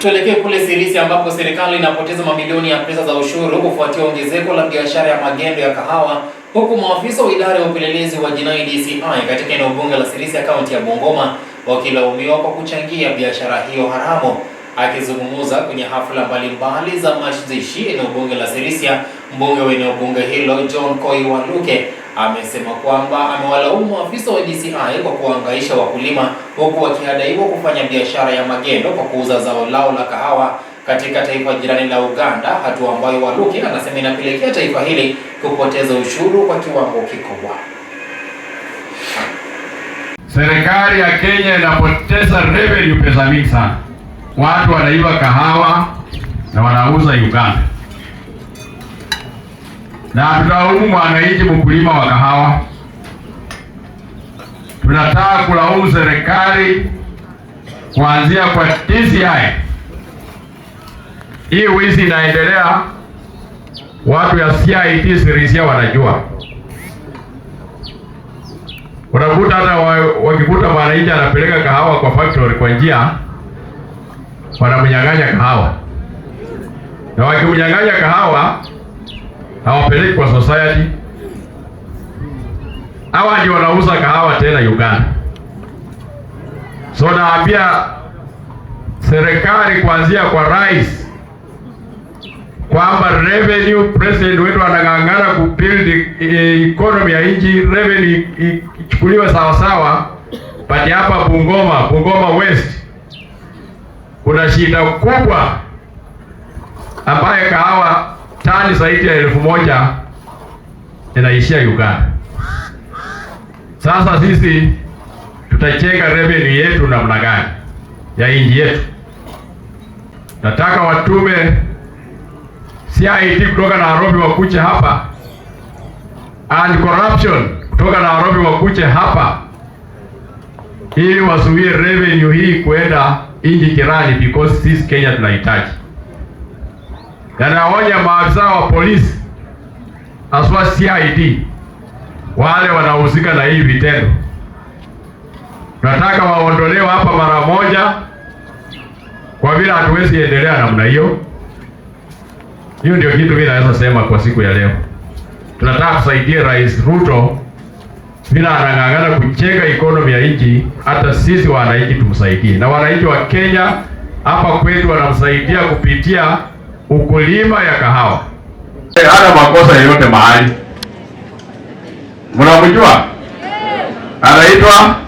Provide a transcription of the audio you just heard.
Tuelekee kule Sirisia ambapo serikali inapoteza mamilioni ya pesa za ushuru kufuatia ongezeko la biashara ya magendo ya kahawa, huku maafisa wa idara ya upelelezi wa jinai DCI katika eneo bunge la Sirisia kaunti ya Bungoma wakilaumiwa kwa kuchangia biashara hiyo haramu. Akizungumza kwenye hafla mbalimbali za mazishi eneo bunge la Sirisia, mbunge wa eneo bunge hilo John Koi Waluke amesema kwamba amewalaumu afisa wa DCI kwa kuangaisha wakulima huku wakihadaiwa kufanya biashara ya magendo kwa kuuza zao lao la kahawa katika taifa jirani la Uganda, hatua ambayo Waluke anasema inapelekea taifa hili kupoteza ushuru kwa kiwango kikubwa. Serikali ya Kenya inapoteza revenue, pesa mingi sana. Watu wanaiba kahawa na wanauza Uganda na tunalaumu wananchi mkulima wa kahawa, tunataka kulaumu serikali kuanzia kwa TCI. Hii wizi inaendelea, watu ya CIT sirisia wanajua, unakuta hata wakikuta mwananchi anapeleka kahawa kwa factory kwa njia, wanamnyang'anya kahawa na wakimnyang'anya kahawa hawapeleki kwa society. Hawa ndio wanauza kahawa tena Uganda. So naambia serikali kuanzia kwa rais kwamba revenue, president wetu anang'ang'ana kubuild eh, economy ya nchi, revenue ichukuliwe sawa sawa. Pati hapa Bungoma, Bungoma West kuna shida kubwa ambaye kahawa tani zaidi ya elfu moja inaishia Uganda. Sasa sisi tutajenga revenue yetu namna gani ya nchi yetu? Nataka watume CID kutoka Nairobi wakuche hapa, and corruption kutoka Nairobi wakuche hapa, ili wasuie revenue hii kwenda nchi jirani, because sisi Kenya tunahitaji na naonya maafisa wa polisi haswa CID, wale wanahusika na hii vitendo, nataka waondolewe hapa mara moja, kwa vile hatuwezi endelea namna hiyo. Hiyo ndio kitu mimi naweza sema kwa siku ya leo. Tunataka kusaidia Rais Ruto bila anang'ang'ana kucheka economy ya nchi, hata sisi wananchi tumsaidie, na wananchi wa Kenya hapa kwetu wanamsaidia kupitia ukulima ya kahawa eh, hana makosa yoyote mahali, mnamjua anaitwa